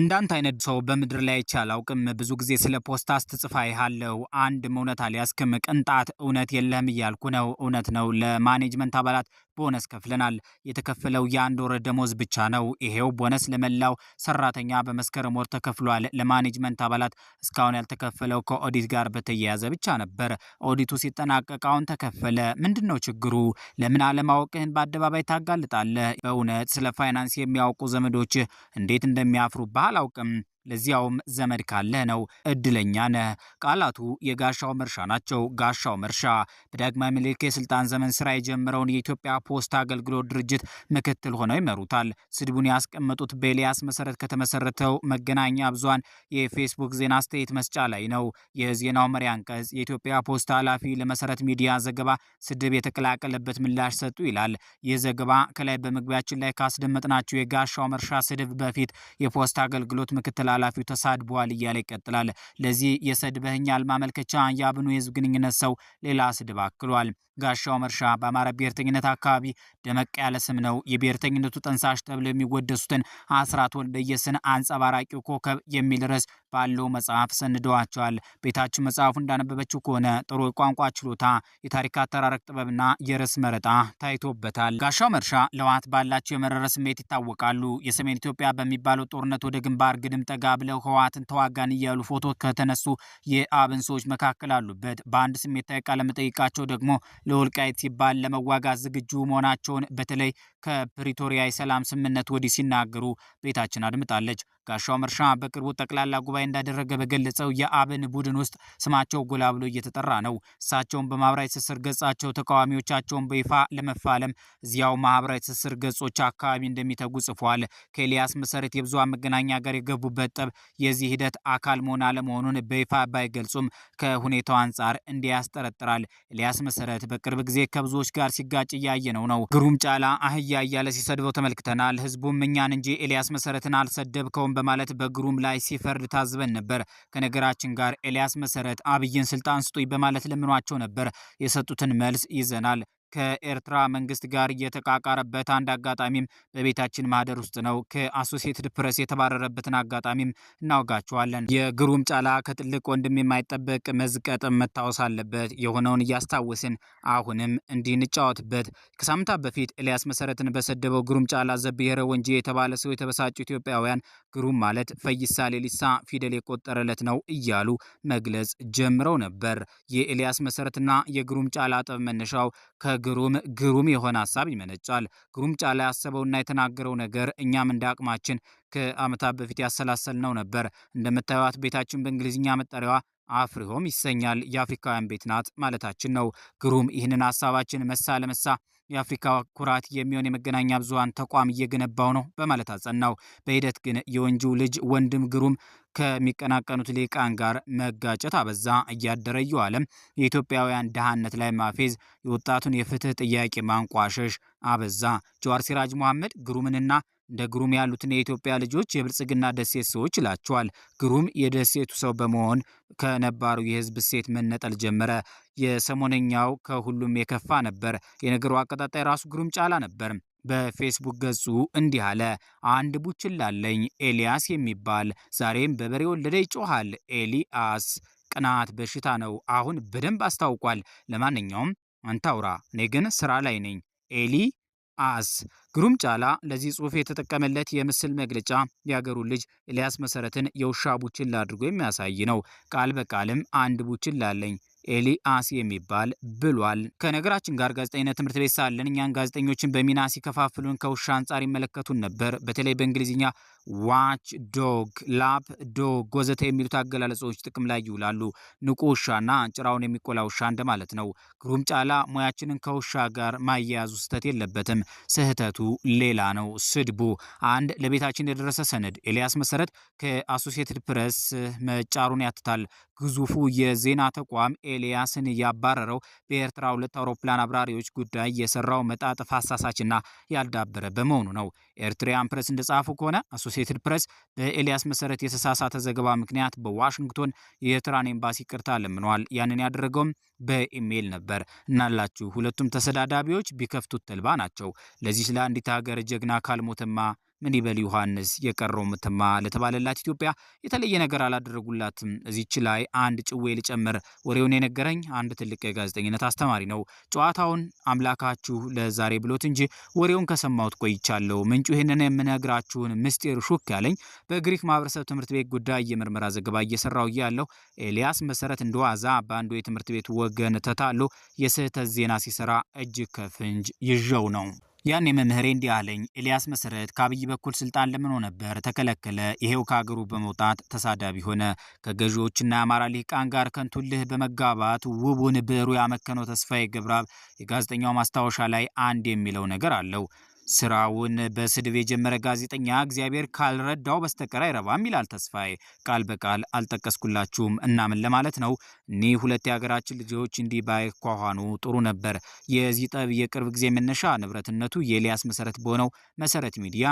እንዳንተ አይነት ሰው በምድር ላይ አይቼ አላውቅም። ብዙ ጊዜ ስለ ፖስታ ስትጽፍ አይሃለሁ። አንድ እውነት አልያዝክም። ቅንጣት እውነት የለህም እያልኩ ነው። እውነት ነው። ለማኔጅመንት አባላት ቦነስ ከፍለናል። የተከፈለው የአንድ ወር ደሞዝ ብቻ ነው። ይሄው ቦነስ ለመላው ሰራተኛ በመስከረም ወር ተከፍሏል። ለማኔጅመንት አባላት እስካሁን ያልተከፈለው ከኦዲት ጋር በተያያዘ ብቻ ነበር። ኦዲቱ ሲጠናቀቅ አሁን ተከፈለ። ምንድን ነው ችግሩ? ለምን አለማወቅህን በአደባባይ ታጋልጣለህ? በእውነት ስለ ፋይናንስ የሚያውቁ ዘመዶች እንዴት እንደሚያፍሩባ አላውቅም። ለዚያውም ዘመድ ካለህ ነው። እድለኛ ነህ። ቃላቱ የጋሻው መርሻ ናቸው። ጋሻው መርሻ በዳግማዊ ምኒልክ የስልጣን ዘመን ስራ የጀመረውን የኢትዮጵያ ፖስታ አገልግሎት ድርጅት ምክትል ሆነው ይመሩታል። ስድቡን ያስቀመጡት በኤልያስ መሰረት ከተመሰረተው መገናኛ ብዙን የፌስቡክ ዜና አስተያየት መስጫ ላይ ነው። የዜናው መሪ አንቀጽ የኢትዮጵያ ፖስታ ኃላፊ ለመሰረት ሚዲያ ዘገባ ስድብ የተቀላቀለበት ምላሽ ሰጡ ይላል። ይህ ዘገባ ከላይ በመግቢያችን ላይ ካስደመጥናቸው የጋሻው መርሻ ስድብ በፊት የፖስታ አገልግሎት ምክትል ኃላፊው ተሳድቧል እያለ ይቀጥላል። ለዚህ የሰድበህኛል ማመልከቻ የአብኑ የህዝብ ግንኙነት ሰው ሌላ ስድብ አክሏል። ጋሻው መርሻ በአማራ ብሔርተኝነት አካባቢ ደመቅ ያለ ስም ነው። የብሔርተኝነቱ ጠንሳሽ ተብለው የሚወደሱትን አስራት ወልደየስን አንጸባራቂው ኮከብ የሚል ርዕስ ባለው መጽሐፍ ሰንደዋቸዋል። ቤታችን መጽሐፉ እንዳነበበችው ከሆነ ጥሩ የቋንቋ ችሎታ፣ የታሪክ አተራረቅ ጥበብና የርዕስ መረጣ ታይቶበታል። ጋሻው መርሻ ለዋት ባላቸው የመረረ ስሜት ይታወቃሉ። የሰሜን ኢትዮጵያ በሚባለው ጦርነት ወደ ግንባር ግድም ጠጋ ብለው ህወሓትን ተዋጋን እያሉ ፎቶ ከተነሱ የአብን ሰዎች መካከል አሉበት። በአንድ ስሜታዊ ቃለመጠይቃቸው ደግሞ ለወልቃይት ሲባል ለመዋጋት ዝግጁ መሆናቸውን በተለይ ከፕሪቶሪያ የሰላም ስምምነት ወዲህ ሲናገሩ ቤታችን አድምጣለች። ጋሻው መርሻ በቅርቡ ጠቅላላ ጉባኤ እንዳደረገ በገለጸው የአብን ቡድን ውስጥ ስማቸው ጎላ ብሎ እየተጠራ ነው። እሳቸውን በማህበራዊ ትስስር ገጻቸው ተቃዋሚዎቻቸውን በይፋ ለመፋለም እዚያው ማህበራዊ ትስስር ገጾች አካባቢ እንደሚተጉ ጽፏል። ከኤልያስ መሰረት የብዙሃን መገናኛ ጋር የገቡበት ጠብ የዚህ ሂደት አካል መሆን አለመሆኑን በይፋ ባይገልጹም ከሁኔታው አንጻር እንዲያስጠረጥራል። ኤልያስ መሰረት በቅርብ ጊዜ ከብዙዎች ጋር ሲጋጭ እያየነው ነው። ግሩም ጫላ አህያ እያለ ሲሰድበው ተመልክተናል። ህዝቡም እኛን እንጂ ኤልያስ መሰረትን አልሰደብከውም በማለት በግሩም ላይ ሲፈርድ ታዝበን ነበር። ከነገራችን ጋር ኤልያስ መሰረት አብይን ስልጣን ስጡኝ በማለት ለምኗቸው ነበር። የሰጡትን መልስ ይዘናል። ከኤርትራ መንግስት ጋር የተቃቃረበት አንድ አጋጣሚም በቤታችን ማህደር ውስጥ ነው። ከአሶሴትድ ፕሬስ የተባረረበትን አጋጣሚም እናወጋቸዋለን። የግሩም ጫላ ከትልቅ ወንድም የማይጠበቅ መዝቀጥ መታወስ አለበት። የሆነውን እያስታወስን አሁንም እንዲህ እንጫወትበት። ከሳምንታት በፊት ኤልያስ መሰረትን በሰደበው ግሩም ጫላ ዘብሔረ ወንጂ የተባለ ሰው የተበሳጩ ኢትዮጵያውያን ግሩም ማለት ፈይሳ ሌሊሳ ፊደል የቆጠረለት ነው እያሉ መግለጽ ጀምረው ነበር። የኤልያስ መሰረትና የግሩም ጫላ ጠብ መነሻው ግሩም ግሩም የሆነ ሀሳብ ይመነጫል። ግሩም ላይ ያሰበውና የተናገረው ነገር እኛም እንደ አቅማችን ከዓመታት በፊት ያሰላሰልነው ነበር። እንደምታዩት ቤታችን በእንግሊዝኛ መጠሪያዋ አፍሪሆም ይሰኛል። የአፍሪካውያን ቤት ናት ማለታችን ነው። ግሩም ይህንን ሀሳባችን መሳ ለመሳ የአፍሪካ ኩራት የሚሆን የመገናኛ ብዙሀን ተቋም እየገነባው ነው በማለት አጸናው። በሂደት ግን የወንጂው ልጅ ወንድም ግሩም ከሚቀናቀኑት ሊቃን ጋር መጋጨት አበዛ። እያደረ እየዋለም የኢትዮጵያውያን ድሃነት ላይ ማፌዝ፣ የወጣቱን የፍትህ ጥያቄ ማንቋሸሽ አበዛ። ጀዋር ሲራጅ መሐመድ ግሩምንና እንደ ግሩም ያሉትን የኢትዮጵያ ልጆች የብልጽግና ደሴት ሰዎች ይላቸዋል። ግሩም የደሴቱ ሰው በመሆን ከነባሩ የህዝብ ሴት መነጠል ጀመረ። የሰሞነኛው ከሁሉም የከፋ ነበር። የነገሩ አቀጣጣይ ራሱ ግሩም ጫላ ነበር። በፌስቡክ ገጹ እንዲህ አለ። አንድ ቡችላለኝ ኤልያስ የሚባል ዛሬም በበሬ ወለደ ይጮሃል። ኤልያስ ቅናት በሽታ ነው። አሁን በደንብ አስታውቋል። ለማንኛውም አንታውራ፣ እኔ ግን ስራ ላይ ነኝ። ኤሊ አስ ግሩም ጫላ ለዚህ ጽሁፍ የተጠቀመለት የምስል መግለጫ የአገሩ ልጅ ኤልያስ መሰረትን የውሻ ቡችላ አድርጎ የሚያሳይ ነው። ቃል በቃልም አንድ ቡችላ አለኝ ኤሊአስ የሚባል ብሏል። ከነገራችን ጋር ጋዜጠኝነት ትምህርት ቤት ሳለን እኛን ጋዜጠኞችን በሚና ሲከፋፍሉን ከውሻ አንጻር ይመለከቱን ነበር። በተለይ በእንግሊዝኛ ዋች ዶግ፣ ላፕ ዶግ ወዘተ የሚሉት አገላለጾች ጥቅም ላይ ይውላሉ። ንቁ ውሻና ጭራውን የሚቆላ ውሻ እንደማለት ነው። ግሩም ጫላ ሙያችንን ከውሻ ጋር ማያያዙ ስህተት የለበትም። ስህተቱ ሌላ ነው፣ ስድቡ። አንድ ለቤታችን የደረሰ ሰነድ ኤልያስ መሰረት ከአሶሲየትድ ፕሬስ መጫሩን ያትታል። ግዙፉ የዜና ተቋም ኤልያስን ያባረረው በኤርትራ ሁለት አውሮፕላን አብራሪዎች ጉዳይ የሰራው መጣጥፍ አሳሳችና ያልዳበረ በመሆኑ ነው። ኤርትሪያን ፕሬስ እንደጻፉ ከሆነ አሶሲትድ ፕሬስ በኤልያስ መሰረት የተሳሳተ ዘገባ ምክንያት በዋሽንግቶን የኤርትራን ኤምባሲ ይቅርታ ለምነዋል። ያንን ያደረገውም በኢሜይል ነበር። እናላችሁ ሁለቱም ተሰዳዳቢዎች ቢከፍቱት ተልባ ናቸው። ለዚህ አንዲት ሀገር ጀግና ካልሞተማ ምን ይበል ዮሐንስ የቀረው ምትማ ለተባለላት ኢትዮጵያ የተለየ ነገር አላደረጉላትም። እዚች ላይ አንድ ጭዌ ልጨምር። ወሬውን የነገረኝ አንድ ትልቅ የጋዜጠኝነት አስተማሪ ነው። ጨዋታውን አምላካችሁ ለዛሬ ብሎት እንጂ ወሬውን ከሰማሁት ቆይቻለሁ። ምንጩ ይህንን የምነግራችሁን ምስጢር ሹክ ያለኝ በግሪክ ማህበረሰብ ትምህርት ቤት ጉዳይ የምርመራ ዘገባ እየሰራው እያለሁ ኤልያስ መሰረት እንደዋዛ በአንዱ የትምህርት ቤቱ ወገን ተታሎ የስህተት ዜና ሲሰራ እጅ ከፍንጅ ይዣው ነው። ያኔ መምህሬ እንዲህ አለኝ። ኤልያስ መሰረት ከአብይ በኩል ስልጣን ለምኖ ነበር፣ ተከለከለ። ይሄው ከሀገሩ በመውጣት ተሳዳቢ ሆነ። ከገዢዎችና የአማራ ሊቃን ጋር ከንቱልህ በመጋባት ውቡን ብዕሩ ያመከነው ተስፋዬ ገብረአብ የጋዜጠኛው ማስታወሻ ላይ አንድ የሚለው ነገር አለው። ስራውን በስድብ የጀመረ ጋዜጠኛ እግዚአብሔር ካልረዳው በስተቀር አይረባም ይላል ተስፋዬ። ቃል በቃል አልጠቀስኩላችሁም እናምን ለማለት ነው። እኒህ ሁለት የሀገራችን ልጆች እንዲህ ባይኳኋኑ ጥሩ ነበር። የዚህ ጠብ የቅርብ ጊዜ መነሻ ንብረትነቱ የኤልያስ መሰረት በሆነው መሰረት ሚዲያ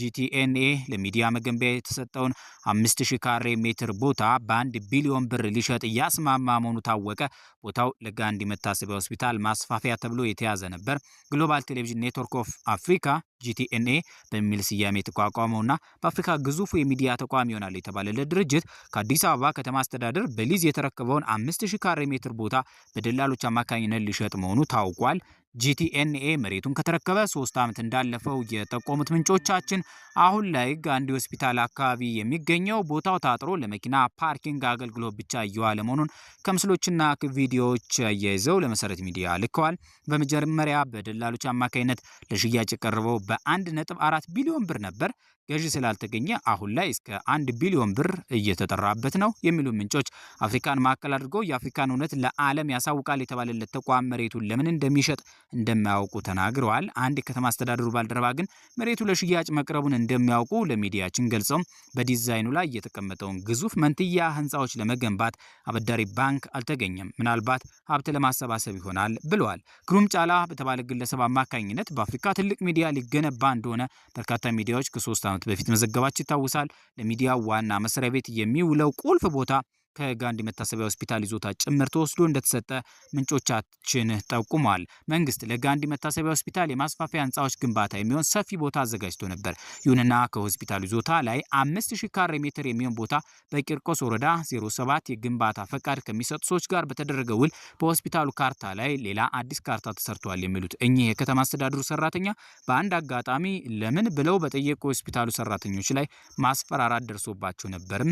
ጂቲኤንኤ ለሚዲያ መገንቢያ የተሰጠውን 5000 ካሬ ሜትር ቦታ በአንድ ቢሊዮን ብር ሊሸጥ እያስማማ መሆኑ ታወቀ። ቦታው ለጋንዲ መታሰቢያ ሆስፒታል ማስፋፊያ ተብሎ የተያዘ ነበር። ግሎባል ቴሌቪዥን ኔትወርክ ኦፍ አፍሪካ አፍሪካ ጂቲኤንኤ በሚል ስያሜ የተቋቋመውና በአፍሪካ ግዙፉ የሚዲያ ተቋም ይሆናል የተባለለት ድርጅት ከአዲስ አበባ ከተማ አስተዳደር በሊዝ የተረከበውን 5000 ካሬ ሜትር ቦታ በደላሎች አማካኝነት ሊሸጥ መሆኑ ታውቋል። ጂቲኤንኤ መሬቱን ከተረከበ ሶስት ዓመት እንዳለፈው የጠቆሙት ምንጮቻችን አሁን ላይ ጋንዲ ሆስፒታል አካባቢ የሚገኘው ቦታው ታጥሮ ለመኪና ፓርኪንግ አገልግሎት ብቻ እየዋለ መሆኑን ከምስሎችና ቪዲዮዎች አያይዘው ለመሰረት ሚዲያ ልከዋል። በመጀመሪያ በደላሎች አማካኝነት ለሽያጭ የቀረበው በአንድ ነጥብ አራት ቢሊዮን ብር ነበር። ገዢ ስላልተገኘ አሁን ላይ እስከ አንድ ቢሊዮን ብር እየተጠራበት ነው የሚሉ ምንጮች አፍሪካን ማዕከል አድርገው የአፍሪካን እውነት ለዓለም ያሳውቃል የተባለለት ተቋም መሬቱን ለምን እንደሚሸጥ እንደማያውቁ ተናግረዋል። አንድ ከተማ አስተዳደሩ ባልደረባ ግን መሬቱ ለሽያጭ መቅረቡን እንደሚያውቁ ለሚዲያችን ገልጸው በዲዛይኑ ላይ የተቀመጠውን ግዙፍ መንትያ ህንፃዎች ለመገንባት አበዳሪ ባንክ አልተገኘም፣ ምናልባት ሀብት ለማሰባሰብ ይሆናል ብለዋል። ግሩም ጫላ በተባለ ግለሰብ አማካኝነት በአፍሪካ ትልቅ ሚዲያ ሊገነባ እንደሆነ በርካታ ሚዲያዎች ከሶስት ከዓመት በፊት መዘገባችን ይታወሳል። ለሚዲያ ዋና መስሪያ ቤት የሚውለው ቁልፍ ቦታ ከጋንዲ መታሰቢያ ሆስፒታል ይዞታ ጭምር ተወስዶ እንደተሰጠ ምንጮቻችን ጠቁሟል። መንግስት ለጋንዲ መታሰቢያ ሆስፒታል የማስፋፊያ ህንፃዎች ግንባታ የሚሆን ሰፊ ቦታ አዘጋጅቶ ነበር። ይሁንና ከሆስፒታሉ ይዞታ ላይ አምስት ሺህ ካሬ ሜትር የሚሆን ቦታ በቂርቆስ ወረዳ 07 የግንባታ ፈቃድ ከሚሰጡ ሰዎች ጋር በተደረገ ውል በሆስፒታሉ ካርታ ላይ ሌላ አዲስ ካርታ ተሰርቷል የሚሉት እኚህ የከተማ አስተዳደሩ ሰራተኛ በአንድ አጋጣሚ ለምን ብለው በጠየቁ ሆስፒታሉ ሰራተኞች ላይ ማስፈራራት ደርሶባቸው ነበርም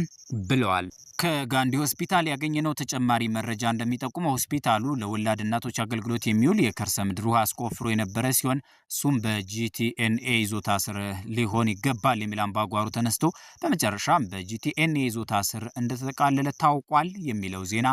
ብለዋል። ከአንድ ሆስፒታል ያገኘነው ተጨማሪ መረጃ እንደሚጠቁመው ሆስፒታሉ ለወላድ እናቶች አገልግሎት የሚውል የከርሰ ምድር ውሃ አስቆፍሮ የነበረ ሲሆን እሱም በጂቲኤንኤ ይዞታ ስር ሊሆን ይገባል የሚል አምባጓሮ ተነስቶ በመጨረሻም በጂቲኤንኤ ይዞታ ስር እንደተጠቃለለ ታውቋል የሚለው ዜና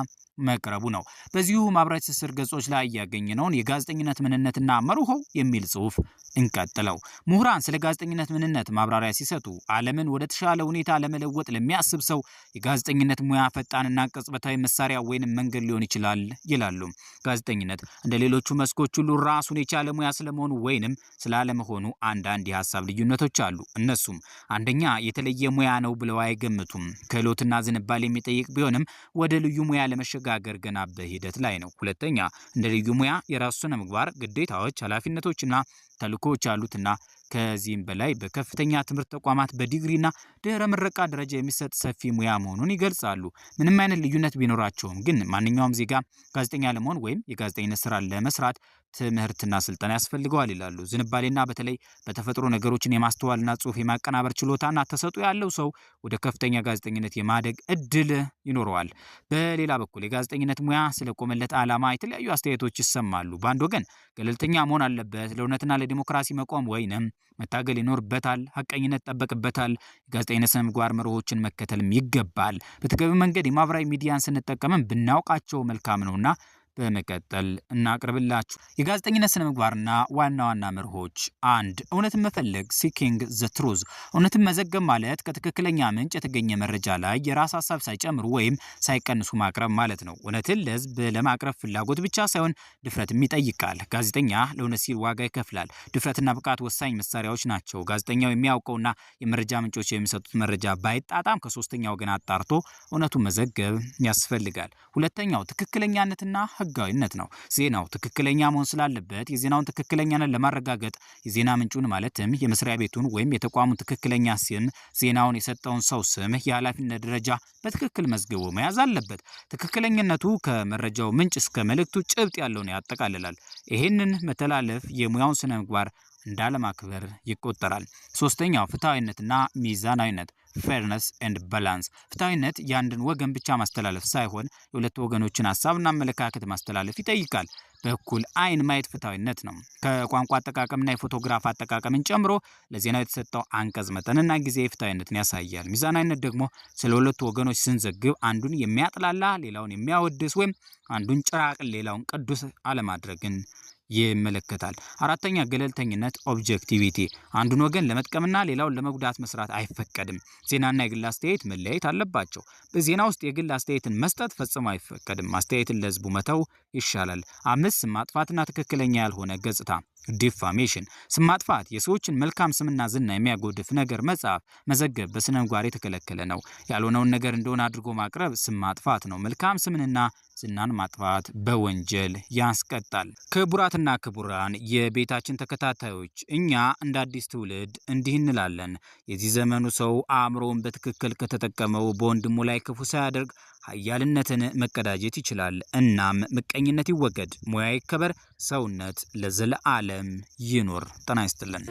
መቅረቡ ነው። በዚሁ ማህበራዊ ትስስር ገጾች ላይ ያገኘነውን የጋዜጠኝነት ምንነትና መርሆ የሚል ጽሁፍ እንቀጥለው። ምሁራን ስለ ጋዜጠኝነት ምንነት ማብራሪያ ሲሰጡ ዓለምን ወደ ተሻለ ሁኔታ ለመለወጥ ለሚያስብ ሰው የጋዜጠኝነት ሙያ ፈጣንና ቅጽበታዊ መሳሪያ ወይንም መንገድ ሊሆን ይችላል ይላሉ። ጋዜጠኝነት እንደ ሌሎቹ መስኮች ሁሉ ራሱን የቻለ ሙያ ስለመሆኑ ወይንም ስላለመሆኑ አንዳንድ የሀሳብ ልዩነቶች አሉ። እነሱም አንደኛ የተለየ ሙያ ነው ብለው አይገምቱም። ክህሎትና ዝንባል የሚጠይቅ ቢሆንም ወደ ልዩ ሙያ ለመሸ መሸጋገር ገና በሂደት ላይ ነው። ሁለተኛ እንደ ልዩ ሙያ የራሱ ስነ ምግባር፣ ግዴታዎች፣ ኃላፊነቶችና ተልእኮዎች ያሉትና ከዚህም በላይ በከፍተኛ ትምህርት ተቋማት በዲግሪና ድህረ ምረቃ ደረጃ የሚሰጥ ሰፊ ሙያ መሆኑን ይገልጻሉ። ምንም አይነት ልዩነት ቢኖራቸውም ግን ማንኛውም ዜጋ ጋዜጠኛ ለመሆን ወይም የጋዜጠኝነት ስራ ለመስራት ትምህርትና ስልጠና ያስፈልገዋል ይላሉ። ዝንባሌና በተለይ በተፈጥሮ ነገሮችን የማስተዋልና ጽሁፍ የማቀናበር ችሎታና ተሰጡ ያለው ሰው ወደ ከፍተኛ ጋዜጠኝነት የማደግ እድል ይኖረዋል። በሌላ በኩል የጋዜጠኝነት ሙያ ስለቆመለት ዓላማ የተለያዩ አስተያየቶች ይሰማሉ። በአንድ ወገን ገለልተኛ መሆን አለበት፣ ለእውነትና ለዲሞክራሲ መቆም ወይንም መታገል ይኖርበታል። ሀቀኝነት ይጠበቅበታል። የጋዜጠኝነት ስነ ምግባር መርሆችን መከተልም ይገባል። በተገቢ መንገድ የማህበራዊ ሚዲያን ስንጠቀምም ብናውቃቸው መልካም ነውና በመቀጠል እናቅርብላችሁ። የጋዜጠኝነት ስነ ምግባርና ዋና ዋና መርሆች፣ አንድ እውነትን መፈለግ ሲኪንግ ዘ ትሩዝ፣ እውነትን መዘገብ ማለት ከትክክለኛ ምንጭ የተገኘ መረጃ ላይ የራስ ሀሳብ ሳይጨምሩ ወይም ሳይቀንሱ ማቅረብ ማለት ነው። እውነትን ለህዝብ ለማቅረብ ፍላጎት ብቻ ሳይሆን ድፍረትም ይጠይቃል። ጋዜጠኛ ለእውነት ሲል ዋጋ ይከፍላል። ድፍረትና ብቃት ወሳኝ መሳሪያዎች ናቸው። ጋዜጠኛው የሚያውቀውና የመረጃ ምንጮች የሚሰጡት መረጃ ባይጣጣም ከሶስተኛ ወገን አጣርቶ እውነቱን መዘገብ ያስፈልጋል። ሁለተኛው ትክክለኛነትና ህጋዊነት ነው። ዜናው ትክክለኛ መሆን ስላለበት የዜናውን ትክክለኛነት ለማረጋገጥ የዜና ምንጩን ማለትም የመስሪያ ቤቱን ወይም የተቋሙን ትክክለኛ ስም፣ ዜናውን የሰጠውን ሰው ስም፣ የኃላፊነት ደረጃ በትክክል መዝግቦ መያዝ አለበት። ትክክለኝነቱ ከመረጃው ምንጭ እስከ መልእክቱ ጭብጥ ያለውን ያጠቃልላል። ይህንን መተላለፍ የሙያውን ስነ ምግባር እንዳለማክበር ይቆጠራል። ሶስተኛው ፍትሐዊነትና ሚዛናዊነት ፌርነስ ኤንድ ባላንስ ፍትሐዊነት የአንድን ወገን ብቻ ማስተላለፍ ሳይሆን የሁለት ወገኖችን ሀሳብና አመለካከት ማስተላለፍ ይጠይቃል። በእኩል አይን ማየት ፍትሐዊነት ነው። ከቋንቋ አጠቃቀምና የፎቶግራፍ አጠቃቀምን ጨምሮ ለዜናው የተሰጠው አንቀጽ መጠንና ጊዜ ፍትሐዊነትን ያሳያል። ሚዛናዊነት ደግሞ ስለ ሁለቱ ወገኖች ስንዘግብ አንዱን የሚያጥላላ ሌላውን የሚያወድስ ወይም አንዱን ጭራቅን ሌላውን ቅዱስ አለማድረግን ይመለከታል። አራተኛ ገለልተኝነት ኦብጀክቲቪቲ፣ አንዱን ወገን ለመጥቀምና ሌላውን ለመጉዳት መስራት አይፈቀድም። ዜናና የግል አስተያየት መለያየት አለባቸው። በዜና ውስጥ የግል አስተያየትን መስጠት ፈጽሞ አይፈቀድም። አስተያየትን ለህዝቡ መተው ይሻላል። አምስት ማጥፋትና ትክክለኛ ያልሆነ ገጽታ ዲፋሜሽን ስም ማጥፋት የሰዎችን መልካም ስምና ዝና የሚያጎድፍ ነገር መጻፍ፣ መዘገብ በስነ ምግባር የተከለከለ ነው። ያልሆነውን ነገር እንደሆነ አድርጎ ማቅረብ ስም ማጥፋት ነው። መልካም ስምንና ዝናን ማጥፋት በወንጀል ያስቀጣል። ክቡራትና ክቡራን የቤታችን ተከታታዮች እኛ እንደ አዲስ ትውልድ እንዲህ እንላለን። የዚህ ዘመኑ ሰው አእምሮውን በትክክል ከተጠቀመው በወንድሙ ላይ ክፉ ሳያደርግ ሀያልነትን መቀዳጀት ይችላል። እናም ምቀኝነት ይወገድ፣ ሙያ ይከበር፣ ሰውነት ለዘለዓለም ይኑር። ጤና ይስጥልን።